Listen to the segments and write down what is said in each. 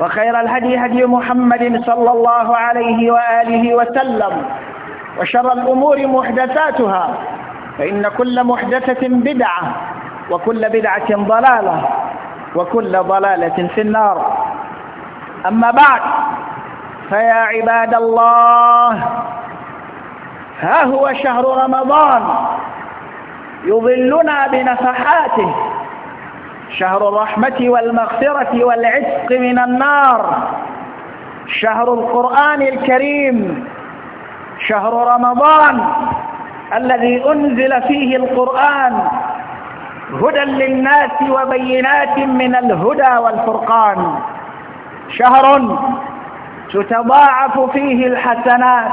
وخير الهدي هدي محمد صلى الله عليه وآله وسلم وشر الأمور محدثاتها فإن كل محدثة بدعة وكل بدعة ضلالة وكل ضلالة في النار أما بعد فيا عباد الله ها هو شهر رمضان يظلنا بنفحاته شهر الرحمة والمغفرة والعتق من النار شهر القرآن الكريم شهر رمضان الذي أنزل فيه القرآن هدى للناس وبينات من الهدى والفرقان شهر تتضاعف فيه الحسنات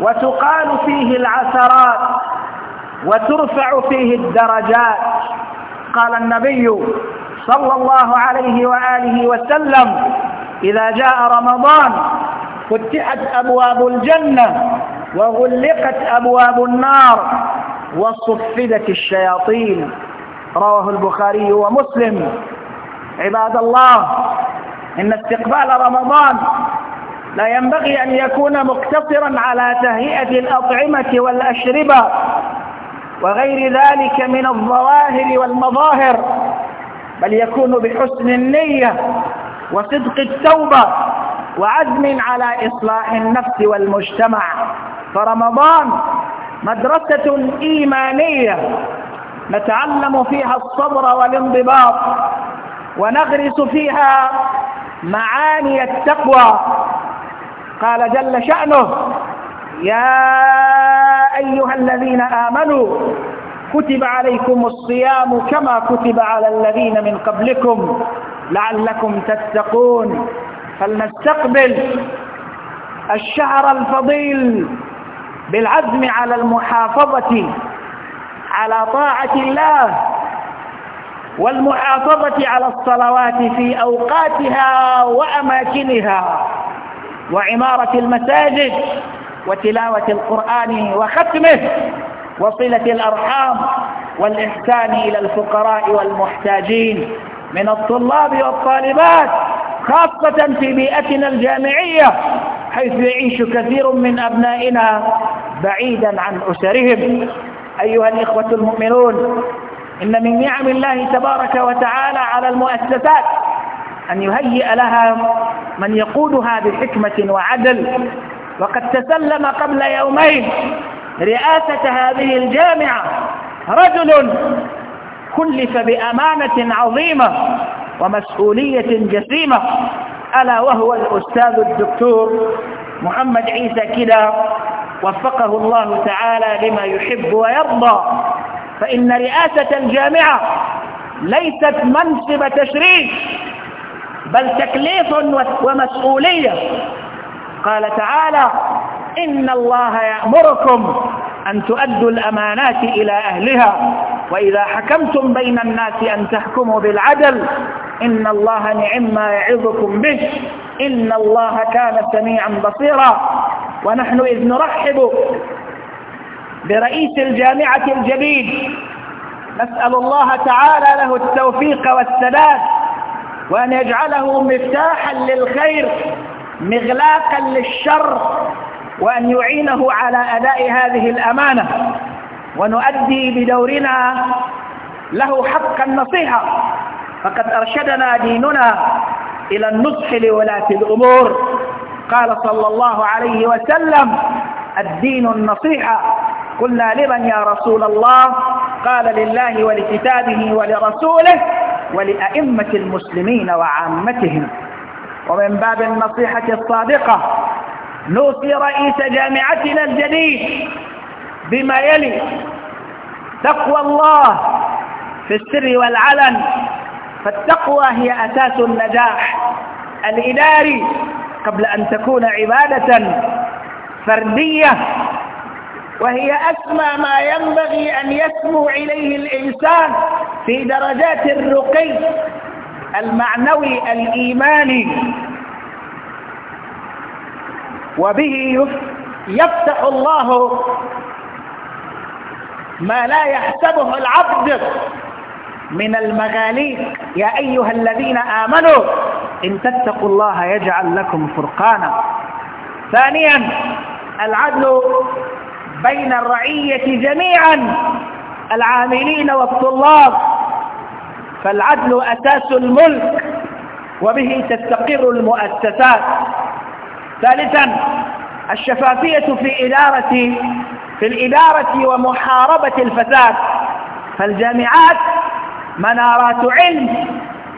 وتقال فيه العثرات وترفع فيه الدرجات قال النبي صلى الله عليه وآله وسلم إذا جاء رمضان فتحت أبواب الجنة وغلقت أبواب النار وصفدت الشياطين رواه البخاري ومسلم عباد الله إن استقبال رمضان لا ينبغي أن يكون مقتصرا على تهيئة الأطعمة والأشربة وغير ذلك من الظواهر والمظاهر بل يكون بحسن النية وصدق التوبة وعزم على إصلاح النفس والمجتمع فرمضان مدرسة إيمانية نتعلم فيها الصبر والانضباط ونغرس فيها معاني التقوى قال جل شأنه يا أيها الذين آمنوا كتب عليكم الصيام كما كتب على الذين من قبلكم لعلكم تتقون فلنستقبل الشهر الفضيل بالعزم على المحافظة على طاعة الله والمحافظة على الصلوات في أوقاتها وأماكنها وعمارة المساجد وتلاوة القرآن وختمه وصلة الأرحام والإحسان إلى الفقراء والمحتاجين من الطلاب والطالبات خاصة في بيئتنا الجامعية حيث يعيش كثير من أبنائنا بعيدا عن أسرهم أيها الإخوة المؤمنون إن من نعم الله تبارك وتعالى على المؤسسات أن يهيئ لها من يقودها بحكمة وعدل وقد تسلم قبل يومين رئاسة هذه الجامعة رجل كلف بأمانة عظيمة ومسؤولية جسيمة ألا وهو الأستاذ الدكتور محمد عيسى كلا وفقه الله تعالى لما يحب ويرضى فإن رئاسة الجامعة ليست منصب تشريف بل تكليف ومسؤولية قال تعالى إن الله يأمركم أن تؤدوا الأمانات إلى أهلها وإذا حكمتم بين الناس أن تحكموا بالعدل إن الله نعم ما يعظكم به إن الله كان سميعا بصيرا ونحن إذ نرحب برئيس الجامعة الجديد نسأل الله تعالى له التوفيق والسداد وأن يجعله مفتاحا للخير مغلاقا للشر وأن يعينه على أداء هذه الأمانة ونؤدي بدورنا له حق النصيحة فقد أرشدنا ديننا إلى النصح لولاة الأمور قال صلى الله عليه وسلم الدين النصيحة قلنا لمن يا رسول الله قال لله ولكتابه ولرسوله ولأئمة المسلمين وعامتهم ومن باب النصيحة الصادقة نوصي رئيس جامعتنا الجديد بما يلي تقوى الله في السر والعلن فالتقوى هي أساس النجاح الإداري قبل أن تكون عبادة فردية وهي أسمى ما ينبغي أن يسمو إليه الإنسان في درجات الرقي المعنوي الإيماني وبه يفتح الله ما لا يحسبه العبد من المغاليق يا أيها الذين آمنوا إن تتقوا الله يجعل لكم فرقانا ثانيا العدل بين الرعية جميعا العاملين والطلاب فالعدل أساس الملك وبه تستقر المؤسسات ثالثا الشفافية في إدارة في الإدارة ومحاربة الفساد فالجامعات منارات علم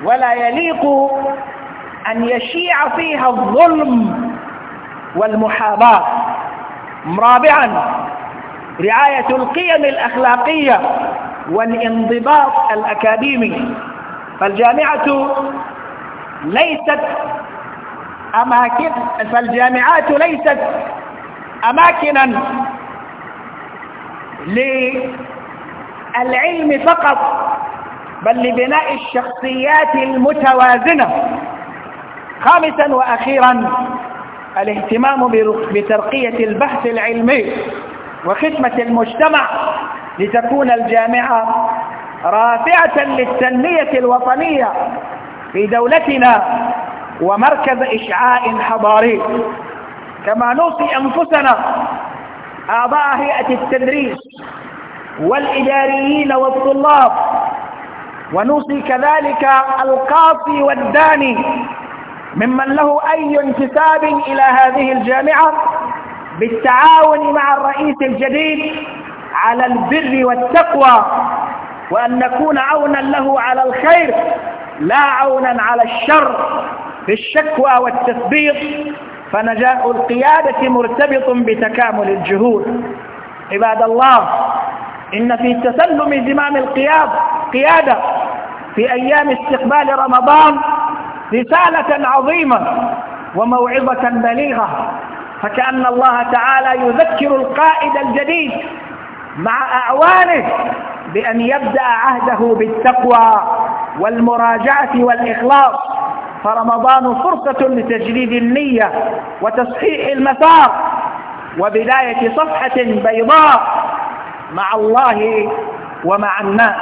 ولا يليق أن يشيع فيها الظلم والمحاباة رابعا رعاية القيم الأخلاقية والانضباط الأكاديمي فالجامعة ليست أماكن فالجامعات ليست أماكنا للعلم فقط بل لبناء الشخصيات المتوازنة خامسا وأخيرا الاهتمام بترقية البحث العلمي وخدمة المجتمع لتكون الجامعة رافعة للتنمية الوطنية في دولتنا ومركز إشعاع حضاري كما نوصي أنفسنا أعضاء هيئة التدريس والإداريين والطلاب ونوصي كذلك القاصي والداني ممن له أي انتساب إلى هذه الجامعة بالتعاون مع الرئيس الجديد على البر والتقوى وأن نكون عونا له على الخير لا عونا على الشر في الشكوى والتثبيط فنجاء القيادة مرتبط بتكامل الجهود عباد الله إن في تسلم زمام القياد قيادة في أيام استقبال رمضان رسالة عظيمة وموعظة بليغة فكأن الله تعالى يذكر القائد الجديد مع أعوانه بأن يبدأ عهده بالتقوى والمراجعة والإخلاص فرمضان فرصة لتجديد النية وتصحيح المسار وبداية صفحة بيضاء مع الله ومع الناس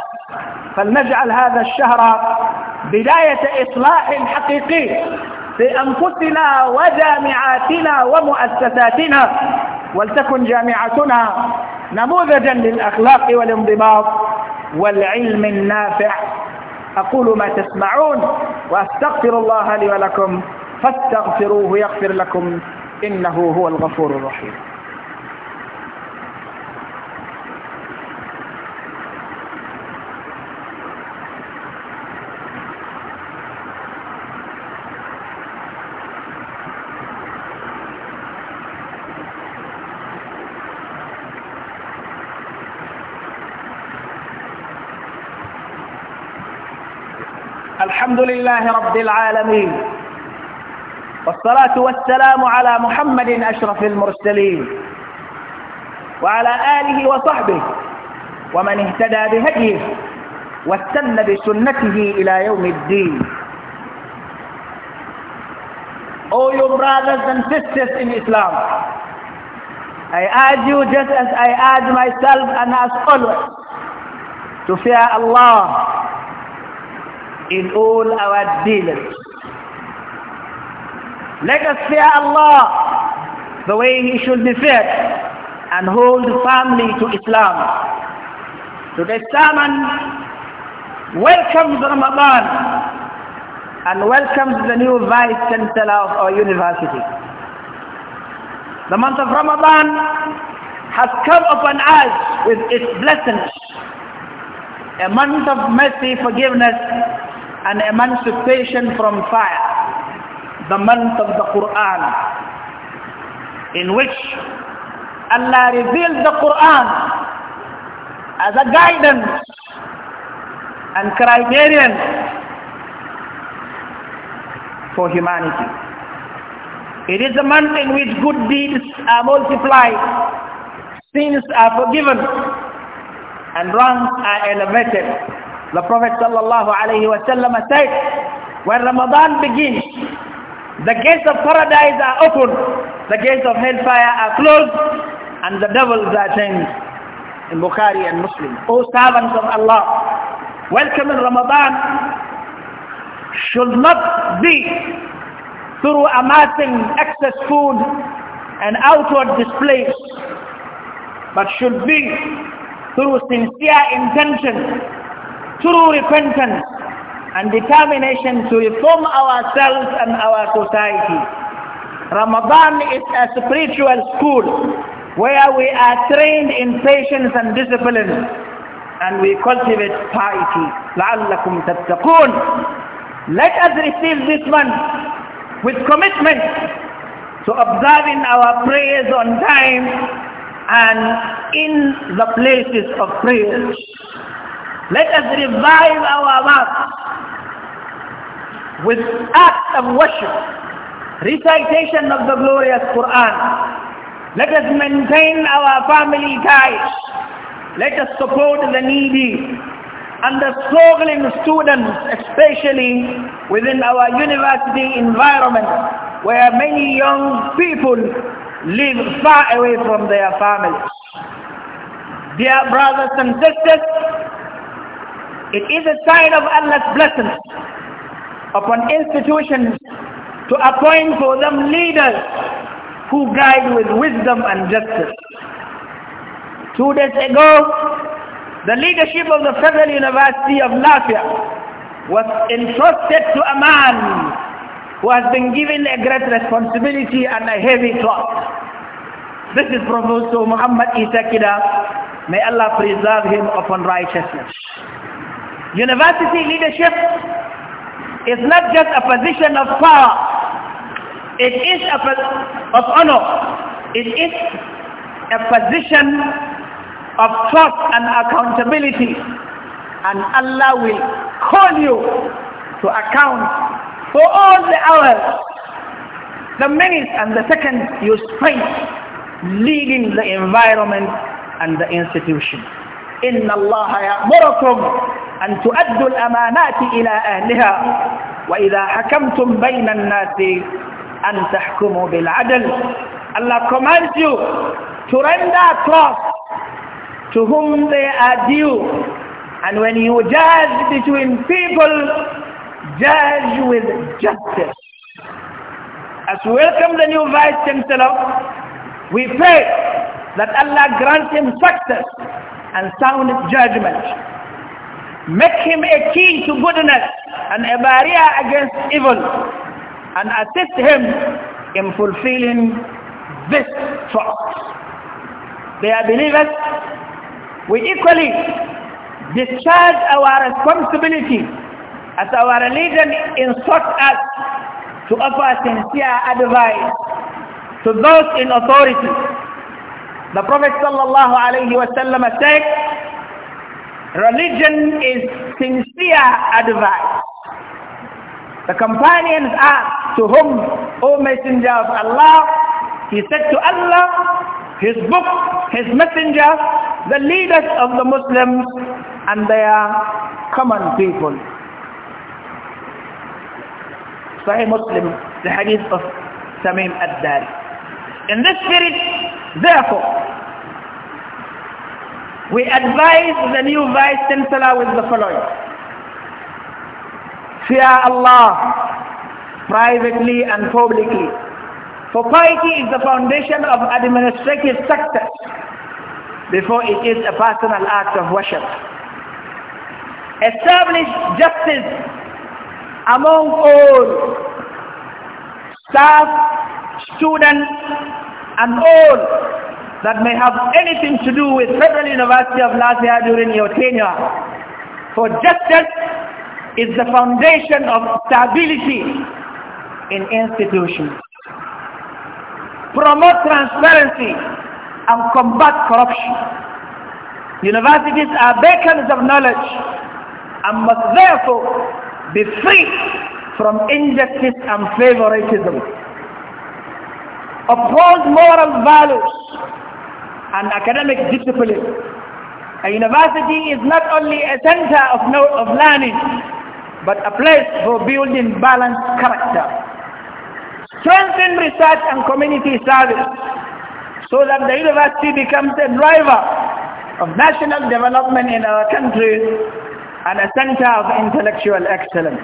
فلنجعل هذا الشهر بداية إصلاح حقيقي في أنفسنا وجامعاتنا ومؤسساتنا ولتكن جامعتنا نموذجا للأخلاق والانضباط والعلم النافع أقول ما تسمعون وأستغفر الله لي ولكم فاستغفروه يغفر لكم إنه هو الغفور الرحيم لله رب العالمين والصلاة والسلام على محمد أشرف المرسلين وعلى آله وصحبه ومن اهتدى بهديه واستنى بسنته إلى يوم الدين All oh, you brothers and sisters in Islam I urge you just as I urge myself and as always to fear Allah in all our dealings. Let us fear Allah the way He should be feared and hold firmly to Islam. Today's sermon welcomes Ramadan and welcomes the new Vice Chancellor of our university. The month of Ramadan has come upon us with its blessings, a month of mercy, forgiveness, and emancipation from fire, the month of the Quran, in which Allah revealed the Quran as a guidance and criterion for humanity. It is a month in which good deeds are multiplied, sins are forgiven, and wrongs are elevated. The Prophet sallallahu alaihi wasallam said, when Ramadan begins, the gates of paradise are open, the gates of hellfire are closed, and the devils are chained. In Bukhari and Muslim. O servants of Allah, welcoming Ramadan should not be through amassing excess food and outward displays, but should be through sincere intention true repentance and determination to reform ourselves and our society. Ramadan is a spiritual school where we are trained in patience and discipline and we cultivate piety. لَعَلَّكُمْ تَتَّقُونَ Let us receive this month with commitment to observing our prayers on time and in the places of prayers. Let us revive our mouths with acts of worship, recitation of the glorious Quran. Let us maintain our family ties. Let us support the needy and the struggling students, especially within our university environment, where many young people live far away from their families. Dear brothers and sisters, it is a sign of Allah's blessings upon institutions to appoint for them leaders who guide with wisdom and justice. Two days ago, the leadership of the Federal University of Lafayette was entrusted to a man who has been given a great responsibility and a heavy task. This is Professor Muhammad Isakida. May Allah preserve him upon righteousness. University leadership is not just a position of power. It is a of honor. It is a position of trust and accountability. And Allah will call you to account for all the hours, the minutes and the seconds you spent leading the environment and the institution. إن الله يأمركم أن تؤدوا الأمانات إلى أهلها وإذا حكمتم بين الناس أن تحكموا بالعدل Allah commands you to render trust to whom they are due and when you judge between people judge with justice as we welcome the new vice chancellor we pray that Allah grant him success and sound judgment Make him a key to goodness and a barrier against evil and assist him in fulfilling this trust. They are believers. We equally discharge our responsibility as our religion instructs us to offer sincere advice to those in authority. The Prophet sallallahu alayhi wa sallam said, Religion is sincere advice. The companions asked to whom, O Messenger of Allah, he said to Allah, his book, his messenger, the leaders of the Muslims and their common people. Sahih Muslim, the hadith of Samim ad-Dari. In this spirit, therefore, we advise the new vice chancellor with the following. Fear Allah privately and publicly. For piety is the foundation of administrative success before it is a personal act of worship. Establish justice among all staff, students and all that may have anything to do with Federal University of Latvia during your tenure. For justice is the foundation of stability in institutions. Promote transparency and combat corruption. Universities are beacons of knowledge and must therefore be free from injustice and favoritism. Uphold moral values and academic discipline. A university is not only a center of, of learning, but a place for building balanced character. Strengthen research and community service so that the university becomes a driver of national development in our country and a center of intellectual excellence.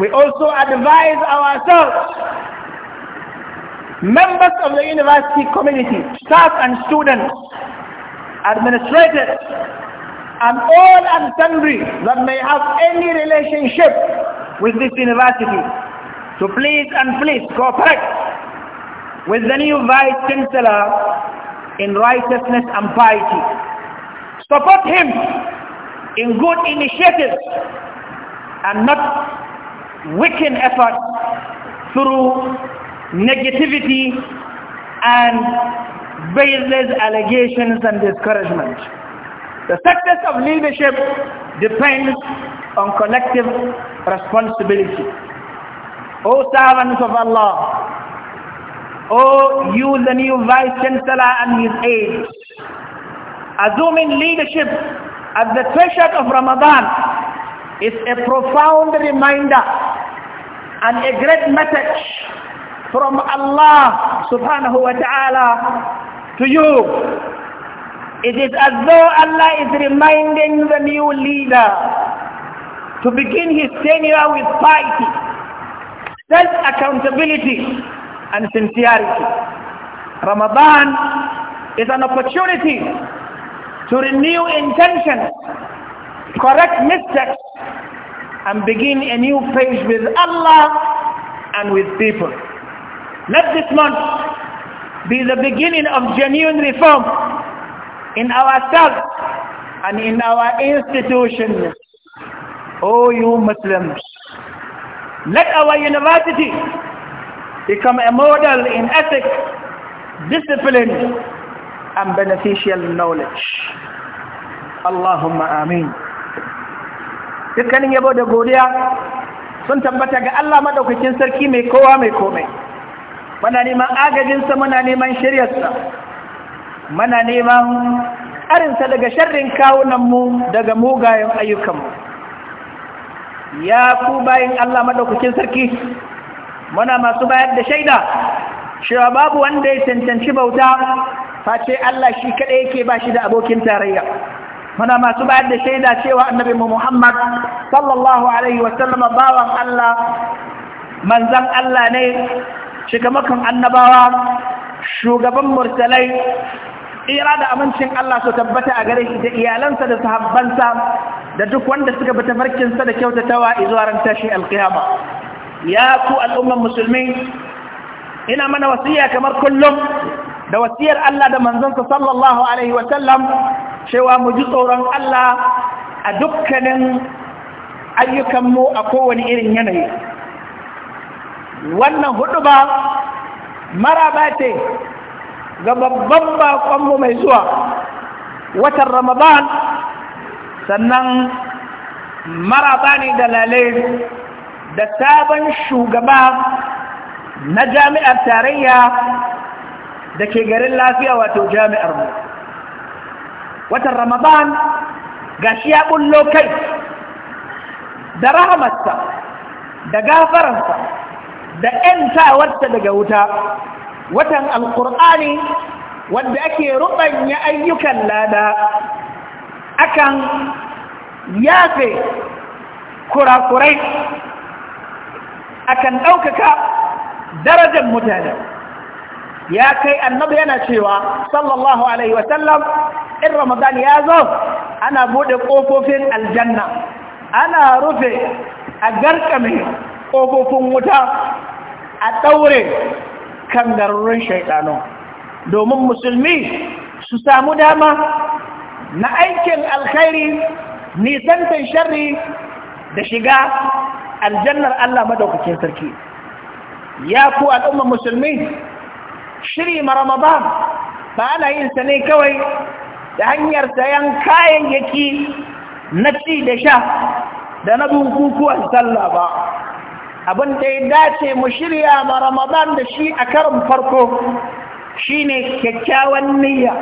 We also advise ourselves members of the university community, staff and students, administrators, and all and sundry that may have any relationship with this university to so please and please cooperate with the new Vice Chancellor in righteousness and piety. Support him in good initiatives and not wicked efforts through negativity and baseless allegations and discouragement. The success of leadership depends on collective responsibility. O servants of Allah, O you the new Vice Chancellor and his aides, assuming leadership at the threshold of Ramadan is a profound reminder and a great message from Allah subhanahu wa ta'ala to you. It is as though Allah is reminding the new leader to begin his tenure with piety, self-accountability and sincerity. Ramadan is an opportunity to renew intentions, correct mistakes and begin a new page with Allah and with people. Let this month be the beginning of genuine reform in ourselves and in our institutions. O oh, you Muslims, let our university become a model in ethics, discipline, and beneficial knowledge. Allahumma amin. Dukkanin yabo da godiya sun tabbata ga Allah maɗaukakin sarki mai kowa mai komai. muna neman agajinsa muna neman shiryarsa muna neman ƙarinsa daga sharrin kawunanmu daga mugayen ayyukanmu ya ku bayan Allah maɗaukakin sarki muna masu bayar da shaida cewa babu wanda ya cancanci bauta face Allah shi kaɗai yake ba shi da abokin tarayya muna masu bayar da shaida cewa annabi Muhammad sallallahu alaihi wasallama bawan Allah manzan Allah ne shigamakan annabawa shugaban murtalai tsira da amincin Allah su tabbata a gare shi da iyalansa da sahabbansa da duk wanda suka bi tafarkinsa da kyautatawa izuwa ran tashi alkiyama ya ku al'umman musulmi ina mana wasiya kamar kullum da wasiyar Allah da manzonsa sallallahu alaihi wa sallam cewa mu ji tsoron Allah a dukkanin ayyukanmu a kowane irin yanayi wannan hudu ba maraba ce ga babban bakonmu mai zuwa watan ramadan sannan maraba ne da lalai da sabon shugaba na jami'ar tarayya da ke garin lafiya wato jami'ar mu watan ramadan shi ya bullo kai da rahamarsa da gafararsa da ‘yantawarta daga wuta watan alƙur'ani wanda ake ruɓanya ayyukan lada akan yafe kurakurai akan ɗaukaka darajar mutane ya kai annabi yana cewa sallallahu alaihi wasallam in ramadan ya zo ana buɗe ƙofofin aljanna ana rufe a garkame ƙofofin wuta a ɗaure kan garurin shaiɗano domin musulmi su samu dama na aikin alkhairi nisantar sharri da shiga aljannar Allah madaukakin sarki ya ku al'ummar musulmi shiri maramaba ba ana yin sa ne kawai da hanyar sayan kayayyaki na ci da sha da na bukukuwan sallah ba abin da ya dace mu shirya ma ramadan da shi a karin farko shine kyakkyawan niyya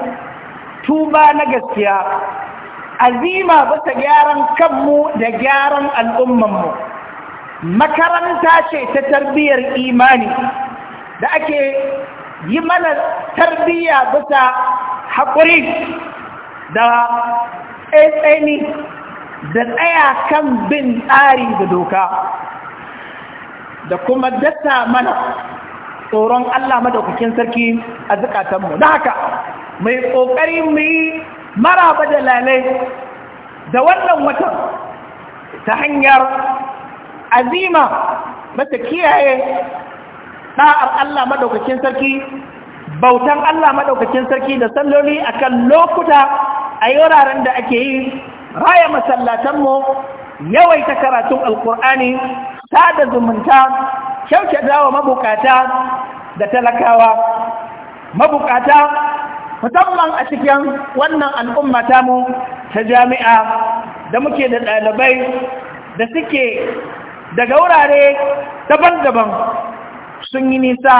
tuba na gaskiya azima bisa gyaran kanmu da gyaran al'ummanmu makaranta ce ta tarbiyyar imani da ake yi mana tarbiyya bisa haƙuri da tsaitsani da tsaya kan bin tsari da doka da kuma dasa mana tsoron Allah madaukakin sarki a zukatanmu Na haka mai ƙoƙari mu yi maraba da lalai da wannan watan ta hanyar azima mata kiyaye ɗa'ar Allah madaukakin sarki bautan Allah madaukakin sarki da salloli akan lokuta a wuraren da ake yi raya masallatanmu yawaita karatun alkur'ani sada zumunta kyautata wa mabukata da talakawa mabukata musamman a cikin wannan al'umma mu ta jami'a da muke da ɗalibai da suke daga wurare daban-daban sun yi nisa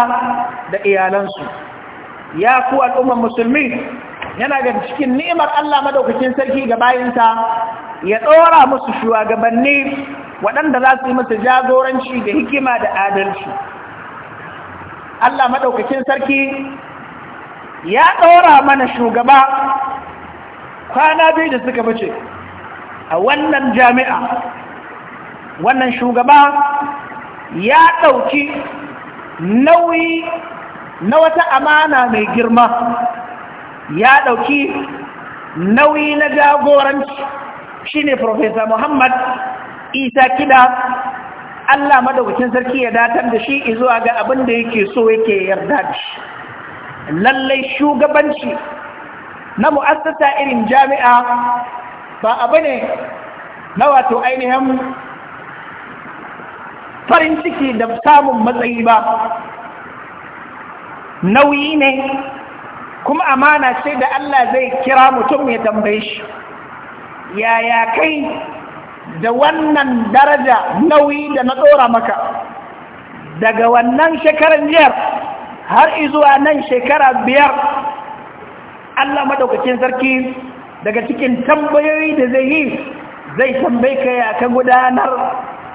da iyalansu ya ku al'ummar musulmi yana ga cikin ni'imar Allah madaukakin sarki ga bayansa, ya ɗora musu shugabanni waɗanda za su yi masa jagoranci da hikima da adalci Allah maɗaukakin sarki ya ɗora mana shugaba kwana biyu da suka bace a wannan jami'a wannan shugaba ya ɗauki nauyi na wata amana mai girma ya ɗauki nauyi na jagoranci shine Profesa Muhammad isa kida Allah madaukakin sarki ya datar da shi zuwa ga abin da yake so yake yarda da shi lallai shugabanci na mu'assasa irin jami'a ba abu ne na wato ainihin farin ciki da samun matsayi ba nauyi ne kuma amana sai da Allah zai kira mutum ya tambaye shi yaya kai da wannan daraja nauyi da na ɗora maka daga wannan shekarar jiyar har izuwa nan shekara biyar Allah maɗaukacin sarki daga cikin tambayoyi da zai yi zai tambayi ka ya ka gudanar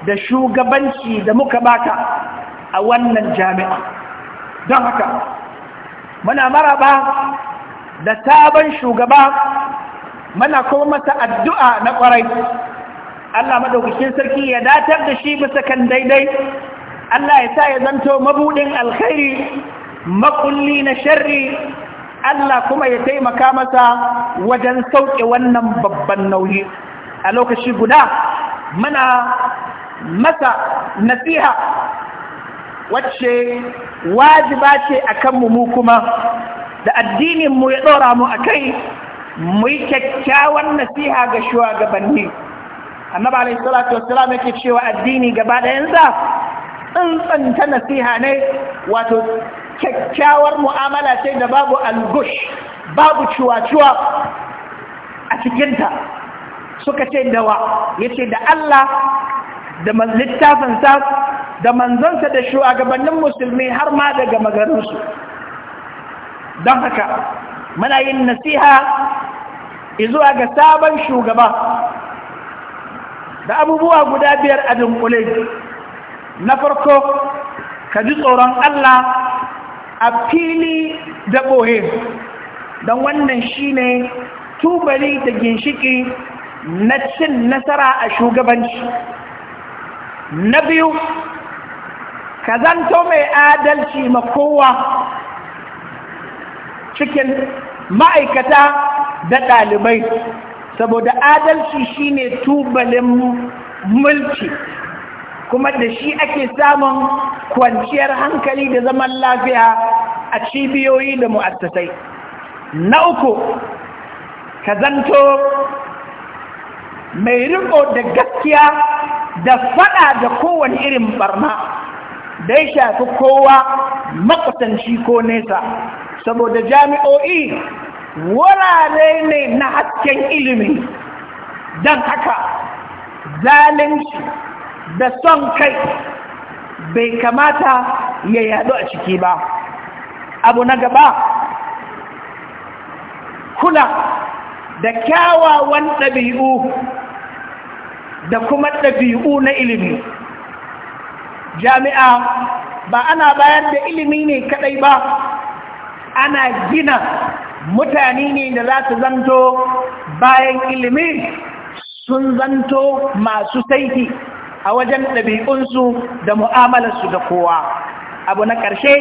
da shugabanci da muka baka a wannan jami'a don haka muna maraba da sabon shugaba muna kuma masa addu'a na ƙwarai Allah maɗaukacin sarki ya datar da shi bisa kan daidai Allah ya sa ya zanto mabuɗin alkhairi makulli na sharri Allah kuma ya taimaka masa wajen sauƙe wannan babban nauyi a lokaci guda muna masa nasiha wacce wajiba ce akan mu kuma da addinin mu ya ɗora mu kai mu yi kyakkyawan nasiha ga shugabanni annabi alaihi salatu wassalam yake cewa addini gaba ɗayansa tsantsanta nasiha ne wato kyakkyawar mu'amala ce da babu algush babu cuwa-cuwa a cikinta suka ce dawa ya ce da Allah da littafinsa da manzansa da shugabannin musulmi har ma daga magarinsu don haka muna yin nasiha izuwa ga sabon shugaba da abubuwa guda biyar a dunkule na farko ka ji tsoron Allah a fili da ɓoye don wannan shi ne tubali da ginshiki na cin nasara a shugabanci na biyu ka zanto mai adalci ma kowa cikin ma'aikata da ɗalibai saboda adalci shine tubalin mulki kuma da shi ake samun kwanciyar hankali da zaman lafiya a cibiyoyi da mu'asasai, na uku ka zanto mai riko da gaskiya da fada da kowane irin barna da ya shafi kowa makwatanci ko nesa saboda jami'o'i wurare ne na hasken ilimi don haka zalunci da son kai bai kamata ya yadu a ciki ba abu na gaba kula da kyawawan ɗabi'u da kuma ɗabi'u na ilimi jami'a ba ana bayar da ilimi ne kaɗai ba ana gina mutane ne da za su zanto bayan ilimi sun zanto masu saiti a wajen ɗabi'unsu da mu'amalarsu da kowa abu na ƙarshe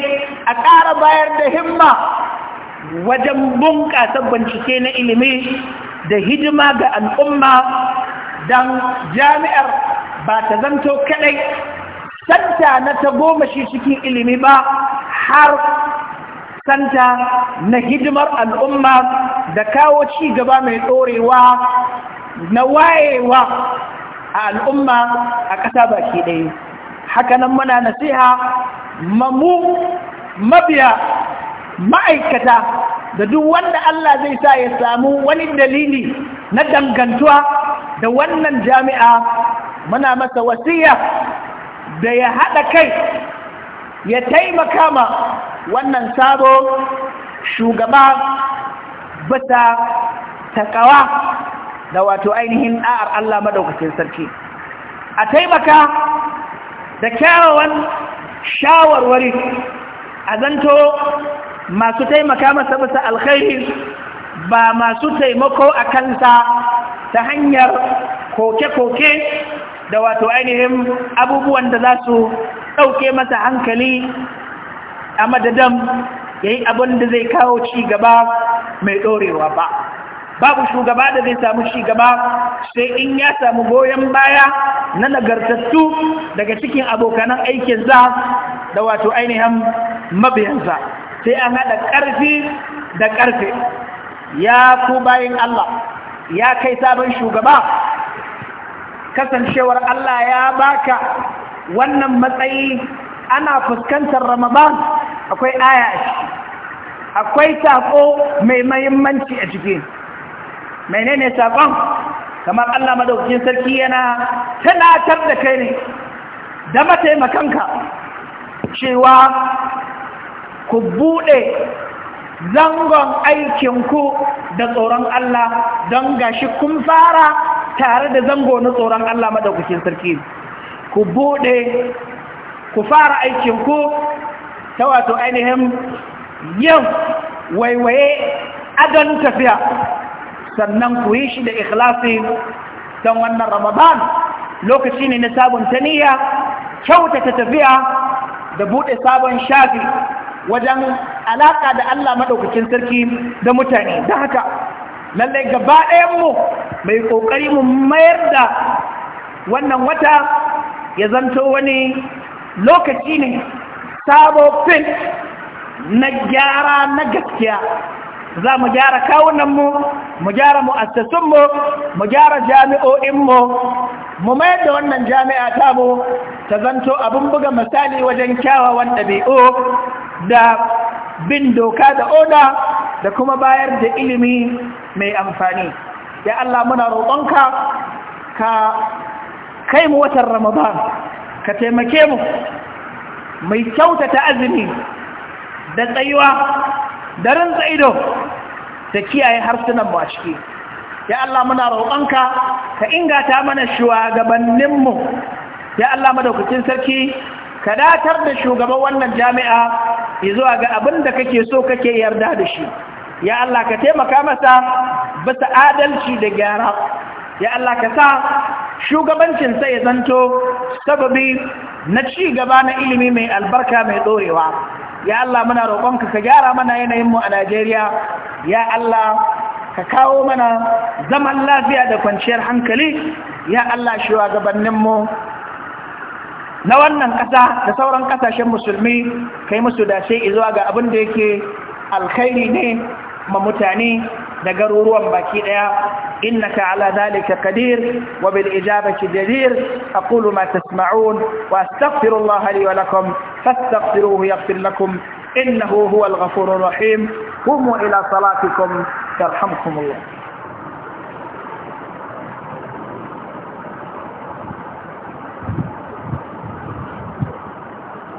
a ƙara bayar da himma wajen bunƙasa bincike na ilimi da hidima ga al'umma don jami'ar ba ta zanto kaɗai santa na ta goma shi cikin ilimi ba har santa na hidimar al'umma da kawo ci gaba mai ɗorewa na wayewa a al'umma a ƙasa baki ɗaya hakanan muna nasiha mamu mabiya ma'aikata da duk wanda Allah zai sa ya samu wani dalili na dangantuwa da wannan jami'a muna masa wasiya da ya haɗa kai ya taimaka ma wannan sabo shugaba bisa takawa da wato ainihin a'ar Allah madaukakin sarki a taimaka da kyawawan shawarwari a zanto masu taimaka masa bisa alkhairi ba masu taimako a kansa ta hanyar koke-koke da wato ainihin abubuwan da za su ɗauke masa hankali a madadan ya yi abin da zai kawo cigaba mai ɗorewa ba babu shugaba da zai samu cigaba sai in ya samu goyon baya na nagartattu daga cikin abokanan aikinsa da wato ainihin mabiyansa sai an haɗa ƙarfi da ƙarfe ya ku bayan Allah ya kai sabon shugaba kasancewar Allah ya baka wannan matsayi ana fuskantar ramadan akwai aya a ciki akwai saƙo mai mahimmanci a ciki menene saƙon kamar allah madaukakin sarki yana tunatar da kai ne da mataimakanka cewa ku buɗe zangon aikinku da tsoron Allah don gashi kun fara tare da zango na tsoron Allah madaukakin sarki ku buɗe ku fara aikinku ta wato ainihin yin waiwaye adon tafiya sannan ku yi shi da ikhlasi don wannan ramadan lokaci ne na sabon taniya kyautata tafiya da buɗe sabon shafi wajen alaƙa da Allah maɗaukacin sarki da mutane da haka lallai gaba ɗayanmu mai ƙoƙari mu mayar da wannan wata ya zanto wani lokaci ne sabo fit na gyara na gaskiya za mu gyara kawunanmu mu gyara mu'assasunmu mu gyara jami'o'inmu mu mayar da wannan jami'a ta mu ta zanto abin buga misali wajen kyawawan ɗabi'u da bin doka da oda da kuma bayar da ilimi mai amfani ya Allah muna roƙonka ka kai mu watan ramadan ka taimake mu mai kyautata azumi da tsayuwa da rinsa ido da kiyaye harsunan mu a ciki ya Allah muna roƙonka ka ingata mana shugabanninmu ya Allah madaukakin sarki ka datar da shugaban wannan jami'a zuwa ga abin da kake so kake yarda da shi ya Allah ka taimaka masa bisa adalci da gyara ya Allah ka sa Shugabancin ya zanto sababi na ci gaba na ilimi mai albarka mai ɗorewa ya Allah muna roƙonka ka gyara mana yanayin mu a Najeriya ya Allah ka kawo mana zaman lafiya da kwanciyar hankali ya Allah shugabanninmu na wannan ƙasa da sauran ƙasashen musulmi kai musu dace zuwa ga abin da yake alkhairi ne ma mutane da garuruwan baki ɗaya إنك على ذلك قدير وبالإجابة جدير أقول ما تسمعون وأستغفر الله لي ولكم فاستغفروه يغفر لكم إنه هو الغفور الرحيم قوموا إلى صلاتكم يرحمكم الله